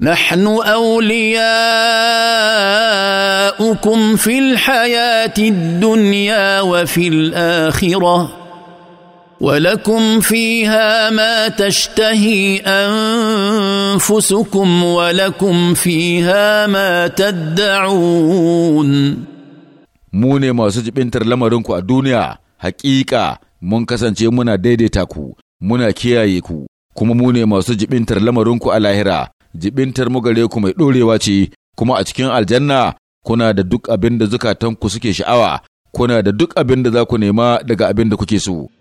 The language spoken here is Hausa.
نحن اولياؤكم في الحياه الدنيا وفي الاخره ولكم فيها ما تشتهي انفسكم ولكم فيها ما تدعون mu ne masu jibintar lamarinku a duniya hakika mun kasance muna daidaita ku muna kiyaye ku kuma mu ne masu jibintar lamarinku a lahira jibintar mu gare ku mai ɗorewa ce, kuma a cikin aljanna kuna da duk abin da zukatanku suke sha'awa, kuna da duk abin da za ku nema daga abin da kuke so.